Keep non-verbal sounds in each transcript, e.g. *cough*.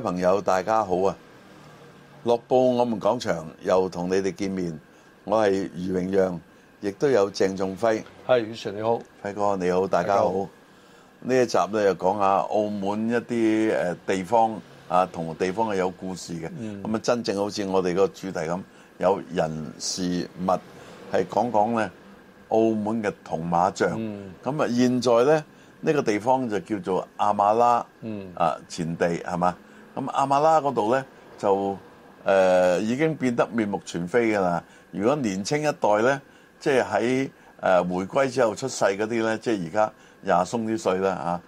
朋友，大家好啊！落布，我講們廣場又同你哋見面，我係余榮耀，亦都有鄭仲輝。係，主持你好，輝哥你好，大家好。呢一集咧又講下澳門一啲誒地方啊，同地方有故事嘅。咁、嗯、啊，真正好似我哋個主題咁，有人事物係講講咧澳門嘅銅馬像。咁、嗯、啊，現在咧呢、這個地方就叫做阿馬拉，啊前地係嘛？咁亞馬喇嗰度呢，就誒、呃、已經變得面目全非㗎啦。如果年輕一代呢，即係喺誒回歸之後出世嗰啲呢，即係而家廿鬆啲歲啦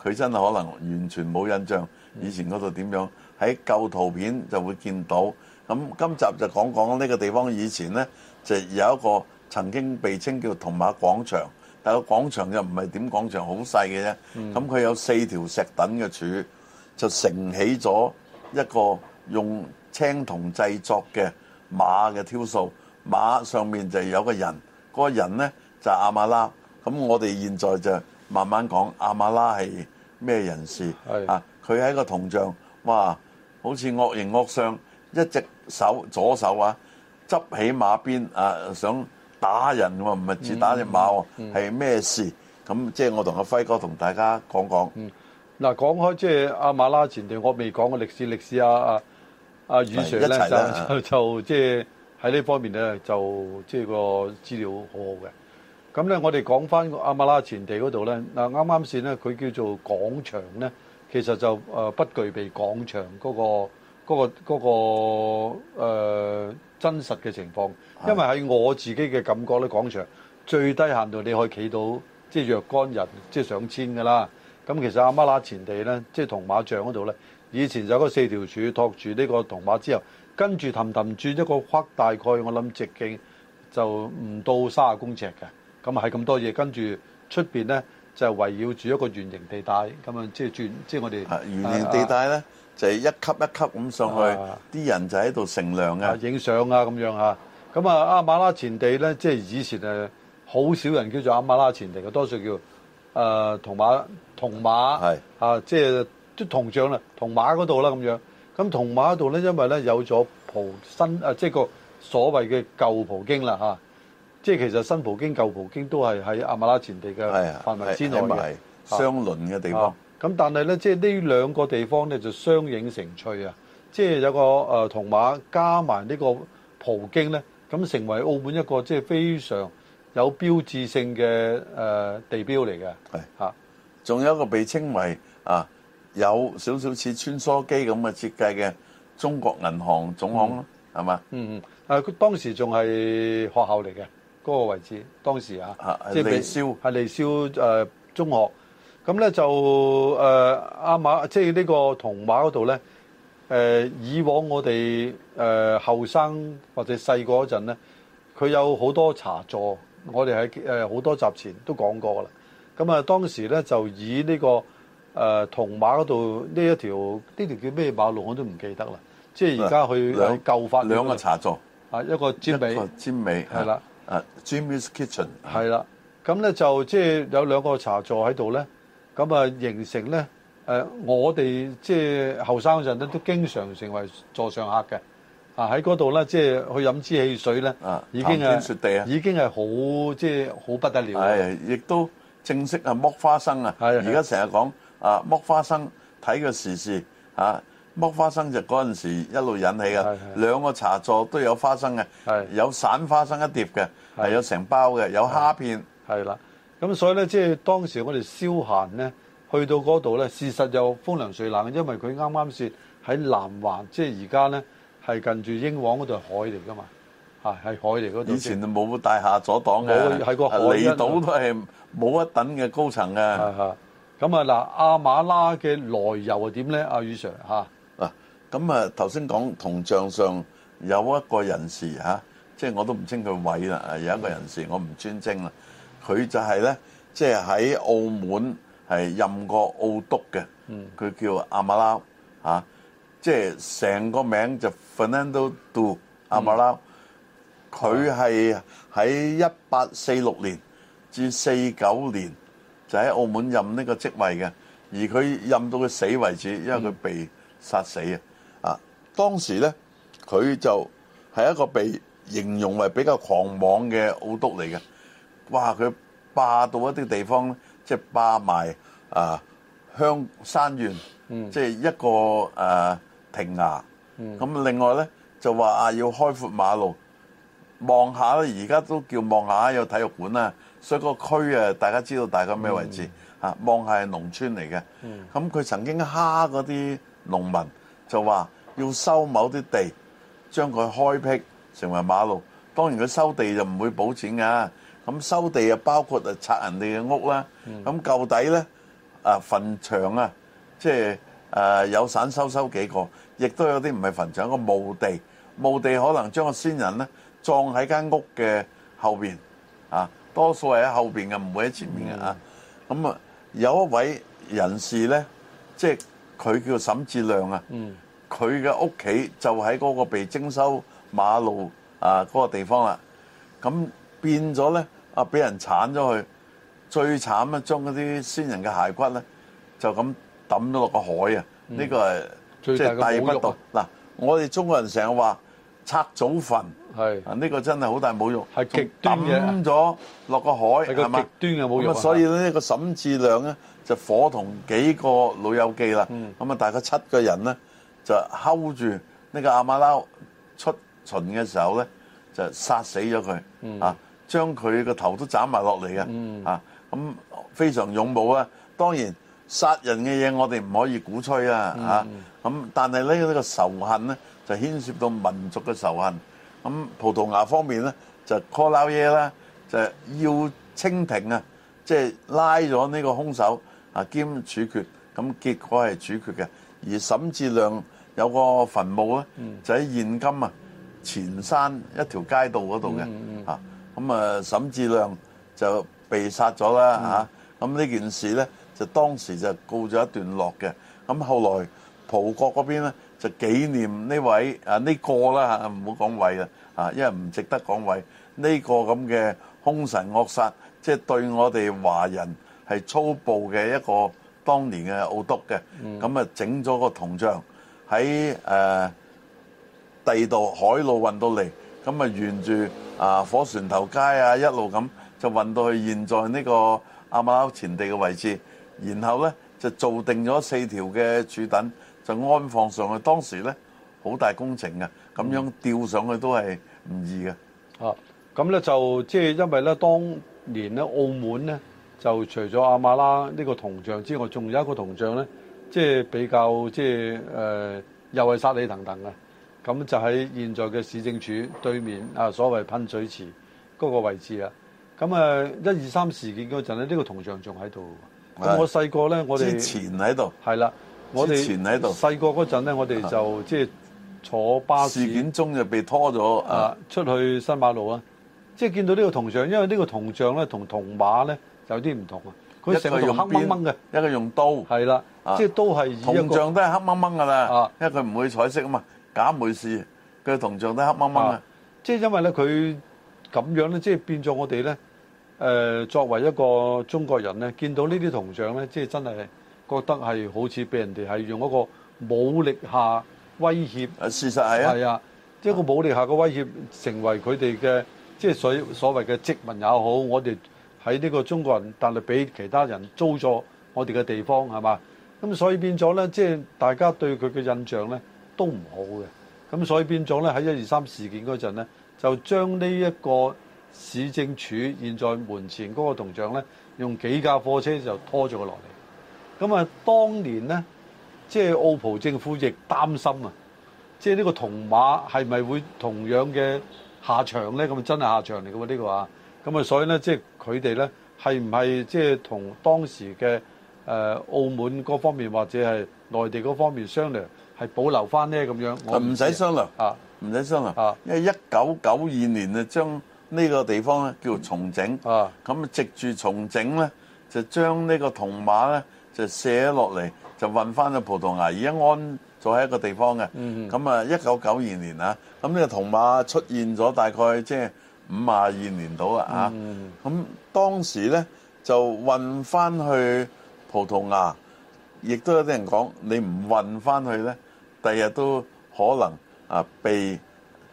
佢、啊、真係可能完全冇印象以前嗰度點樣。喺舊圖片就會見到。咁今集就講講呢個地方以前呢，就有一個曾經被稱叫銅馬廣場，但個廣場又唔係點廣場，好細嘅啫。咁佢有四條石墩嘅柱。就承起咗一個用青銅製作嘅馬嘅雕塑，馬上面就有個人，個個人呢就係阿馬拉。咁我哋現在就慢慢講阿馬拉係咩人士。啊，佢係個銅像，哇，好似惡形惡相，一隻手左手啊，執起馬鞭啊，想打人喎，唔係只打隻馬喎，啊嗯、係、嗯、咩、嗯、事、啊？咁即係我同阿輝哥同大家講講。嗱，講開即係阿馬拉前地，我未講過歷史，歷史啊，啊阿余 Sir 咧，就就即係喺呢方面咧，就即係個資料好好嘅。咁咧，我哋講翻阿馬拉前地嗰度咧，嗱，啱啱先咧，佢叫做廣場咧，其實就不具備廣場嗰個嗰個嗰個呃，真實嘅情況，因為喺我自己嘅感覺咧，廣場最低限度你可以企到即係若干人，即係上千㗎喇。咁其實阿馬拉前地咧，即係銅馬像嗰度咧，以前就係嗰四條柱托住呢個銅馬之後，跟住氹氹轉一個框，大概我諗直徑就唔到三十公尺嘅。咁係咁多嘢，跟住出面咧就係圍繞住一個圓形地帶，咁啊即係轉，即係我哋圓形地帶咧、啊、就係、是、一級一級咁上去，啲、啊、人就喺度乘涼啊、影相啊咁樣嚇。咁啊阿馬拉前地咧，即、就、係、是、以前誒好少人叫做阿馬拉前地嘅，多數叫。誒、呃、銅馬，銅馬啊，即係啲銅像啦，銅馬嗰度啦咁樣。咁銅馬嗰度咧，因為咧有咗葡新啊，即係個所謂嘅舊葡京啦嚇。即、啊、係、就是、其實新葡京、舊葡京都係喺亞馬喇前地嘅範圍之內嘅相鄰嘅地方。咁、啊、但係咧，即係呢兩個地方咧，就相映成趣啊！即、就、係、是、有個誒銅、呃、馬加埋呢個葡京咧，咁成為澳門一個即係、就是、非常。有標誌性嘅、呃、地標嚟嘅，係吓，仲、啊、有一個被稱為啊有少少似穿梭機咁嘅設計嘅中國銀行總行咯，係嘛？嗯嗯，啊當時仲係學校嚟嘅嗰個位置，當時啊，啊即係利宵，係利宵中學。咁咧就誒阿、呃啊、馬，即係呢個銅馬嗰度咧，以往我哋誒後生或者細個嗰陣咧，佢有好多茶座。我哋喺誒好多集前都講過啦，咁啊當時咧就以呢、這個誒、呃、銅馬嗰度呢，一條呢條叫咩馬路我都唔記得啦，即係而家去舊法院兩個茶座啊，一個尖尾尖尾，係啦誒 Jimmy's Kitchen 係、嗯、啦，咁咧就即係、就是、有兩個茶座喺度咧，咁啊形成咧誒、呃、我哋即係後生陣咧都經常成為座上客嘅。喺嗰度咧，即係去飲支汽水咧，已經啊，已經係好即係好不得了。係，亦都正式啊剝花生啊！而家成日講啊剝花生，睇個時事嚇剝花生，就嗰陣時一路引起嘅兩個茶座都有花生嘅，有散花生一碟嘅，係有成包嘅，有蝦片。係啦，咁所以咧，即係當時我哋消閒咧，去到嗰度咧，事實又風涼水冷，因為佢啱啱先喺南環，即係而家咧。係近住英皇嗰度海嚟噶嘛？嚇係海嚟嗰度。以前就冇大廈阻擋嘅，係個離島都係冇一等嘅高層的是是是、嗯、啊。咁啊嗱，阿馬拉嘅來由係點咧？阿余 Sir 嚇。嗱咁啊，頭先講銅像上有一個人士嚇、啊，即係我都唔清佢位啦。有一個人士，我唔專精啦，佢就係咧，即係喺澳門係任過澳督嘅。佢、嗯、叫阿馬拉嚇。啊。即係成個名就 Fernando do 阿馬拉，佢係喺一八四六年至四九年就喺澳門任呢個職位嘅，而佢任到佢死為止，因為佢被殺死啊！啊，當時咧佢就係一個被形容為比較狂妄嘅澳督嚟嘅，哇！佢霸到一啲地方，即係霸埋啊香山縣，即係一個啊。停牙，咁另外咧就話啊要開闢馬路，望下咧而家都叫望下有體育館啦，所以個區啊大家知道大概咩位置嚇，望下係農村嚟嘅，咁佢曾經蝦嗰啲農民就話要收某啲地，將佢開闢成為馬路，當然佢收地就唔會補錢噶，咁收地啊包括拆人哋嘅屋啦，咁舊底咧啊墳場啊即係。誒、呃、有散修修幾個，亦都有啲唔係墳場有個墓地，墓地可能將個先人咧葬喺間屋嘅後面，啊，多數係喺後面，嘅，唔會喺前面嘅、嗯、啊。咁啊，有一位人士咧，即係佢叫沈志亮啊，佢嘅屋企就喺嗰個被徵收馬路啊嗰、那個地方啦。咁變咗咧啊，俾、啊、人鏟咗去，最慘咧，將嗰啲先人嘅骸骨咧就咁。抌咗落個海啊！呢個係即係大不道。嗱、啊，我哋中國人成日話拆祖墳，啊呢、這個真係好大侮辱。係極端，抌咗落個海，係極端嘅侮辱。咁所以呢個沈志亮咧就伙同幾個老友記啦，咁、嗯、啊，大概七個人咧就睺住呢個阿馬留出巡嘅時候咧就殺死咗佢、嗯、啊，將佢個頭都斬埋落嚟嘅啊，咁非常勇武啊，當然。殺人嘅嘢我哋唔可以鼓吹、嗯、啊嚇！咁但係呢、呢個仇恨呢，就牽涉到民族嘅仇恨。咁、嗯、葡萄牙方面呢，就 call 科拉嘢啦，就要清廷啊，即係拉咗呢個兇手啊兼處決。咁、啊、結果係處決嘅。而沈志亮有個墳墓呢、嗯，就喺現今啊前山一條街道嗰度嘅啊。咁啊沈志亮就被殺咗啦嚇。咁、啊、呢、啊啊、件事呢。就當時就告咗一段落嘅，咁後來葡國嗰邊咧就紀念呢位啊呢、這個啦嚇，唔好講位啦嚇、啊，因為唔值得講位呢、這個咁嘅兇神惡煞，即、就、係、是、對我哋華人係粗暴嘅一個當年嘅澳督嘅，咁啊整咗個銅像喺誒、呃、地道海路運到嚟，咁啊沿住啊火船頭街啊一路咁就運到去現在呢個亞馬喇前地嘅位置。然後咧就做定咗四條嘅柱墩，就安放上去。當時咧好大工程啊，咁樣吊上去都係唔易嘅、嗯。啊，咁咧就即係因為咧，當年咧澳門咧就除咗亞馬拉呢個銅像之外，仲有一個銅像咧，即係比較即係誒、呃，又係殺氣騰騰嘅。咁就喺現在嘅市政署對面啊，所謂噴水池嗰個位置啊。咁啊，一二三事件嗰陣咧，呢、這個銅像仲喺度。咁我細個咧，我哋之前喺度，係啦，我哋之前喺度。細個嗰陣咧，我哋就即係、啊、坐巴士。事件中就被拖咗啊，出去新馬路啊，即係見到呢個銅像，因為呢個銅像咧同銅馬咧有啲唔同啊。佢成個黑掹掹嘅，一個用刀，係啦、啊，即係都係銅像都係黑掹掹噶啦，因為佢唔會彩色啊嘛，假媒氏佢銅像都黑掹掹啊，即、就、係、是、因為咧佢咁樣咧，即、就、係、是、變咗我哋咧。誒、呃、作為一個中國人咧，見到呢啲銅像咧，即係真係覺得係好似俾人哋係用一個武力下威脅。啊，事實係啊，係啊，一個武力下嘅威脅，成為佢哋嘅即係所所謂嘅殖民也好，我哋喺呢個中國人，但係俾其他人租咗我哋嘅地方係嘛，咁所以變咗咧，即係大家對佢嘅印象咧都唔好嘅，咁所以變咗咧喺一二三事件嗰陣咧，就將呢、這、一個。市政署現在門前嗰個銅像咧，用幾架貨車就拖咗佢落嚟。咁啊，當年呢，即係澳葡政府亦擔心啊，即係呢個銅馬係咪會同樣嘅下場呢？咁真係下場嚟㗎喎呢個啊。咁啊，所以呢，即係佢哋呢，係唔係即係同當時嘅誒澳門嗰方面或者係內地嗰方面商量，係保留翻呢咁樣？我唔使商量啊，唔使商量啊，因為一九九二年啊，將呢、這個地方咧叫重整、啊、著重整，咁藉住重整咧，就將呢個銅馬咧就卸落嚟，就運翻、嗯這個嗯、去葡萄牙。而家安在喺一個地方嘅，咁啊，一九九二年啊，咁呢個銅馬出現咗大概即係五廿二年到啊，咁當時咧就運翻去葡萄牙，亦都有啲人講你唔運翻去咧，第日都可能啊被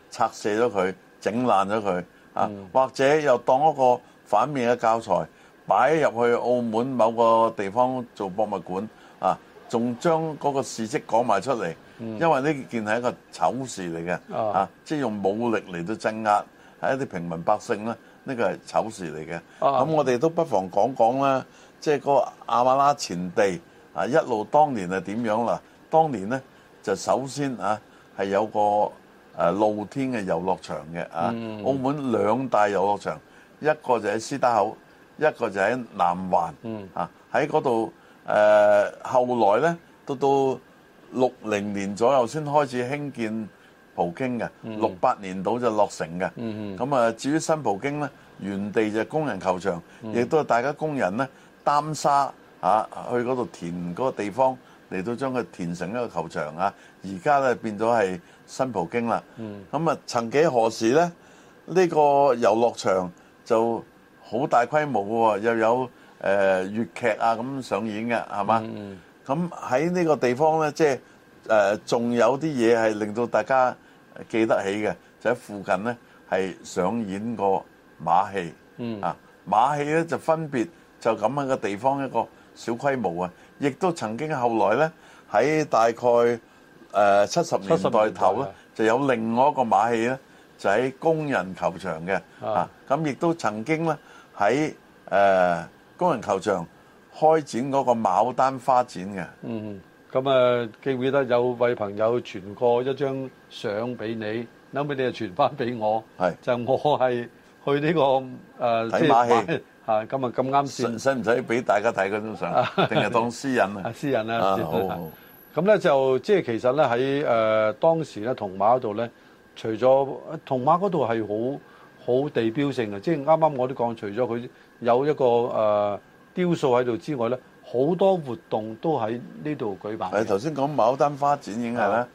拆卸咗佢，整爛咗佢。啊、或者又當一個反面嘅教材擺入去澳門某個地方做博物館啊，仲將嗰個事蹟講埋出嚟，因為呢件係一個醜事嚟嘅啊，即係用武力嚟到鎮壓，係一啲平民百姓咧，呢個係醜事嚟嘅。咁、啊、我哋都不妨講講啦，即係個亞馬拉前地啊，一路當年係點樣啦？當年呢，就首先啊係有個。誒露天嘅遊樂場嘅啊，澳門兩大遊樂場，一個就喺司打口，一個就喺南環啊。喺嗰度誒，後來咧，到到六零年左右先開始興建葡京嘅，六八年度就落成嘅。咁啊，至於新葡京咧，原地就係工人球場，亦都係大家工人咧擔沙嚇去嗰度填嗰個地方，嚟到將佢填成一個球場啊！而家咧變咗係新葡京啦。咁、嗯、啊，曾幾何時咧，呢、這個遊樂場就好大規模喎、哦，又有誒粵劇啊咁上演嘅，係嘛？咁喺呢個地方咧，即係誒仲有啲嘢係令到大家記得起嘅，就喺附近咧係上演過馬戲、嗯、啊！馬戲咧就分別就咁樣嘅地方一個小規模啊。亦都曾經後來咧，喺大概誒七十年代頭咧，就有另外一個馬戲咧，就喺工人球場嘅啊。咁亦都曾經咧喺誒工人球場開展嗰個牡丹花展嘅。嗯，咁啊記唔記得有位朋友傳過一張相俾你，後尾你就傳翻俾我，係就我係去呢個誒睇馬戲。啊，咁咁啱先。唔使唔使俾大家睇嗰張相，定係當是私隱啊？ *laughs* 私隱啊！好、啊、好。咁咧、啊、就即係其實咧喺誒當時咧銅馬嗰度咧，除咗銅馬嗰度係好好地標性嘅，即係啱啱我都講，除咗佢有一個誒、呃、雕塑喺度之外咧，好多活動都喺呢度舉辦。誒頭先講牡丹花展已經係啦，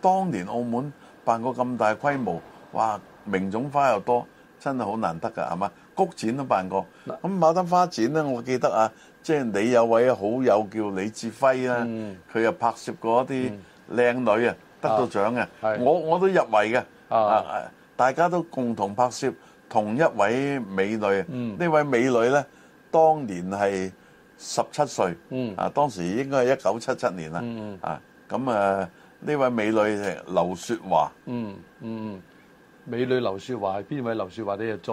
當年澳門辦過咁大規模，哇！名種花又多，真係好難得㗎，係嘛？菊展都辦過，咁牡丹花展咧，我記得啊，即係你有位好友叫李志輝啦，佢又拍攝過一啲靚女啊，得到獎嘅，我我都入圍嘅，啊，大家都共同拍攝同一位美女，呢位美女咧，當年係十七歲，啊，當時應該係一九七七年啦，啊，咁啊，呢位美女係劉雪華，嗯嗯，美女劉雪華係邊位？劉雪華你又再？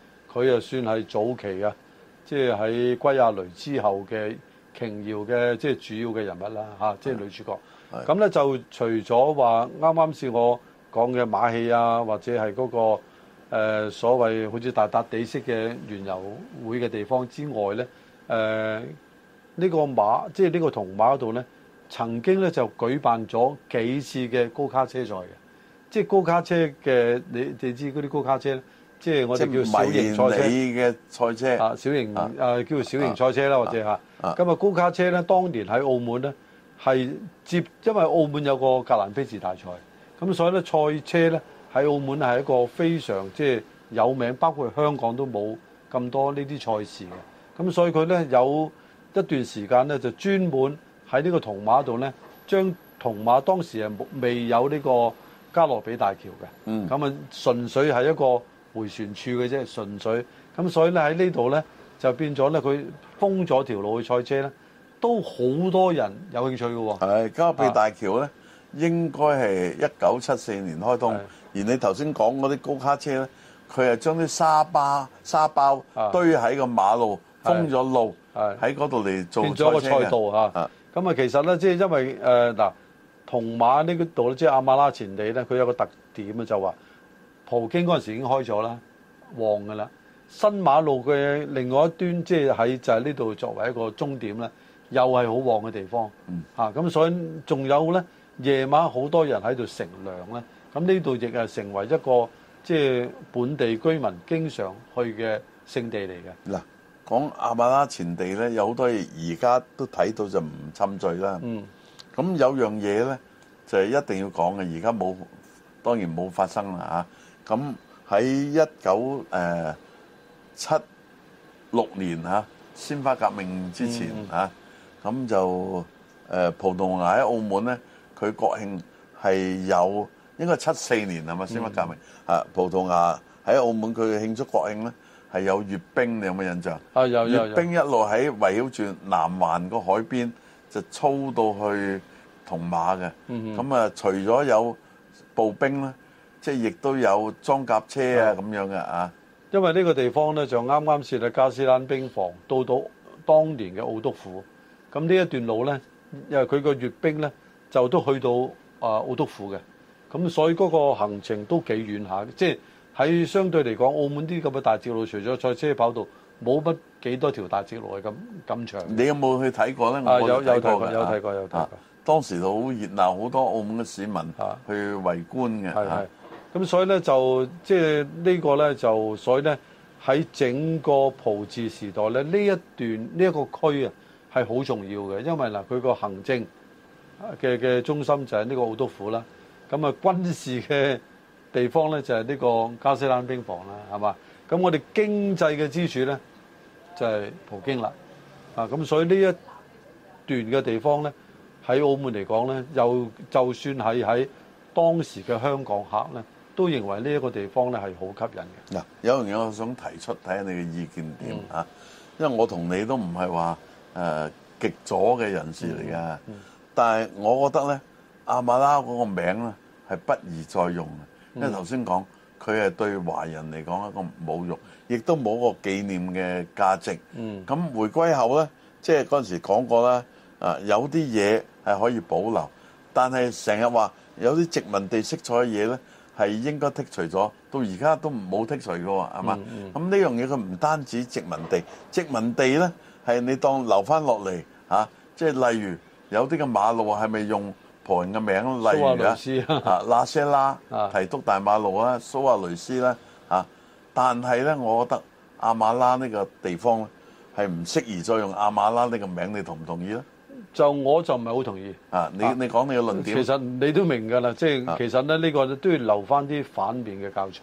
佢又算係早期嘅，即係喺歸亞雷之後嘅瓊瑤嘅，即係主要嘅人物啦，吓，即係女主角。咁咧就除咗話啱啱先我講嘅馬戲啊，或者係嗰個誒所謂好似大笪地式嘅原油會嘅地方之外咧，誒呢個馬即係呢個銅馬嗰度咧，曾經咧就舉辦咗幾次嘅高卡車賽嘅，即係高卡車嘅你你知嗰啲高卡車咧。即係我哋叫小型賽車,車，啊小型啊啊叫小型賽車啦、啊，或者啊。咁啊高卡車咧，當年喺澳門咧係接，因為澳門有個格蘭披治大賽，咁所以咧賽車咧喺澳門係一個非常即係、就是、有名，包括香港都冇咁多呢啲賽事嘅。咁所以佢咧有一段時間咧就專門喺呢個銅馬度咧，將銅馬當時係未有呢個嘉樂庇大橋嘅，咁啊純粹係一個。回旋處嘅啫，純粹咁，所以咧喺呢度咧就變咗咧，佢封咗條路去賽車咧，都好多人有興趣嘅喎、啊。加庇大橋咧，應該係一九七四年開通，而你頭先講嗰啲高卡車咧，佢係將啲沙巴沙包堆喺個馬路封咗路，喺嗰度嚟做咗個,個賽道啊！咁啊，其實咧即係因為誒嗱，銅、呃、馬呢度咧即係亞馬喇前地咧，佢有個特點就話。葡京嗰陣時已經開咗啦，旺㗎喇。新馬路嘅另外一端，即係喺就係呢度作為一個終點啦，又係好旺嘅地方。嗯，嚇咁所以仲有咧，夜晚好多人喺度乘涼咧。咁呢度亦係成為一個即係本地居民經常去嘅聖地嚟嘅。嗱，講亞馬喇前地咧，有好多嘢而家都睇到就唔侵罪啦。嗯，咁有樣嘢咧就係一定要講嘅，而家冇當然冇發生啦嚇。咁喺一九誒七六年嚇，鮮花革命之前嚇，咁就誒葡萄牙喺澳門咧，佢國慶係有應該七四年係咪鮮花革命啊？葡萄牙喺澳門佢嘅慶祝國慶咧，係有閱兵，你有冇印象？啊，有有有。閱兵一路喺圍繞住南環個海邊,就操到去銅馬嘅。咁啊，除咗有步兵咧。即係亦都有裝甲車啊咁、嗯、樣嘅啊，因為呢個地方咧就啱啱設喺，加斯蘭兵房到到當年嘅澳督府，咁呢一段路咧，因為佢個閱兵咧就都去到啊澳督府嘅，咁所以嗰個行程都幾遠下，即係喺相對嚟講，澳門啲咁嘅大捷路，除咗賽車跑道，冇乜幾多條大捷路係咁咁長。你有冇去睇過咧？啊，有有睇過，有睇過有睇過、啊、有睇過，有睇過、啊、當時好熱鬧，好多澳門嘅市民去圍觀嘅。啊咁所以咧就即係呢個咧就所以咧喺整個葡治時代咧，呢一段呢一個區啊係好重要嘅，因為嗱佢個行政嘅嘅中心就係呢個澳督府啦。咁啊軍事嘅地方咧就係呢個加斯蘭兵房啦，係嘛？咁我哋經濟嘅支柱咧就係葡京啦。啊咁，所以呢一段嘅地方咧喺澳門嚟講咧，又就算係喺當時嘅香港客咧。都認為呢一個地方咧係好吸引嘅嗱，有樣嘢我想提出睇下你嘅意見點、嗯、因為我同你都唔係話誒極左嘅人士嚟噶、嗯嗯，但係我覺得咧阿馬拉嗰個名咧係不宜再用嘅、嗯，因為頭先講佢係對華人嚟講一個侮辱，亦都冇個紀念嘅價值。咁、嗯、回歸後咧，即係嗰陣時講過啦，啊有啲嘢係可以保留，但係成日話有啲殖民地色彩嘅嘢咧。係應該剔除咗，到而家都唔冇剔除㗎喎，係嘛？咁、嗯、呢、嗯、樣嘢佢唔單止殖民地，殖民地咧係你當留翻落嚟嚇，即係例如有啲嘅馬路係咪用葡人嘅名？例如啊，罅些喇提督大馬路啊，蘇亞雷斯啦嚇，但係咧，我覺得亞馬喇呢個地方係唔適宜再用亞馬喇呢個名，你同唔同意咧？就我就唔係好同意啊！你你講你嘅論點，其實你都明㗎啦、啊，即係其實咧呢、呢個都要留翻啲反面嘅教材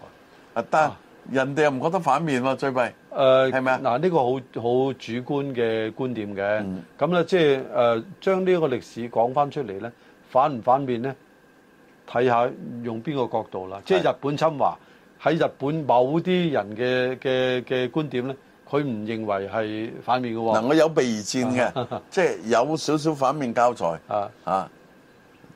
啊！但人哋又唔覺得反面喎、啊，最弊誒係咪啊？嗱，呢、呃啊呢個好好主觀嘅觀點嘅，咁、嗯、咧即係誒、呃、將呢個歷史講翻出嚟咧，反唔反面咧？睇下用邊個角度啦。即係日本侵華喺日本某啲人嘅嘅嘅觀點咧。佢唔認為係反面嘅喎。嗱，我有備而戰嘅，即係有少少反面教材。啊啊，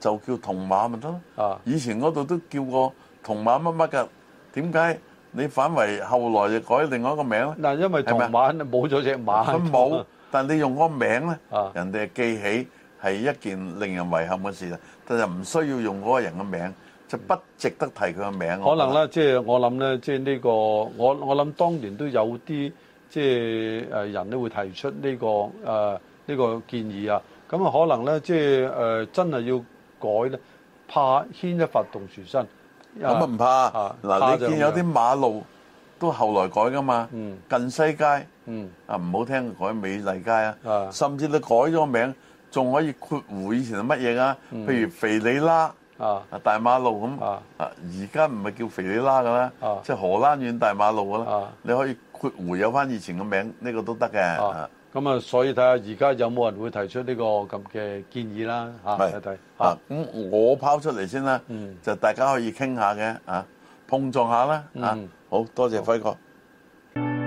就叫銅馬咪得咯。啊，以前嗰度都叫過銅馬乜乜嘅。點解你反為後來就改另外一個名咧？嗱，因為銅馬冇咗隻馬。佢冇，但係你用嗰個名咧，人哋係記起係一件令人遺憾嘅事啊！但係唔需要用嗰個人嘅名，就不值得提佢嘅名。可能咧，即係我諗咧，即係呢個我我諗當年都有啲。即、就、係、是、人都會提出呢個誒、呃、呢個建議啊，咁啊可能咧即係真係要改咧，怕牽一發動全身。咁啊唔怕、啊，嗱、啊啊啊、你見有啲馬路都後來改噶嘛，近西街、嗯，啊唔好聽改美麗街啊、嗯，啊、甚至你改咗名，仲可以括弧以前係乜嘢啊？譬如肥里拉啊大馬路咁啊，而家唔係叫肥里拉噶啦，即係荷蘭苑大馬路噶啦，你可以。括弧有翻以前嘅名，呢、這個都得嘅。咁啊，所以睇下而家有冇人會提出呢個咁嘅建議啦。嚇，睇睇嚇。咁、啊、我拋出嚟先啦、嗯，就大家可以傾下嘅嚇，碰撞一下啦嚇、嗯啊。好多謝輝哥。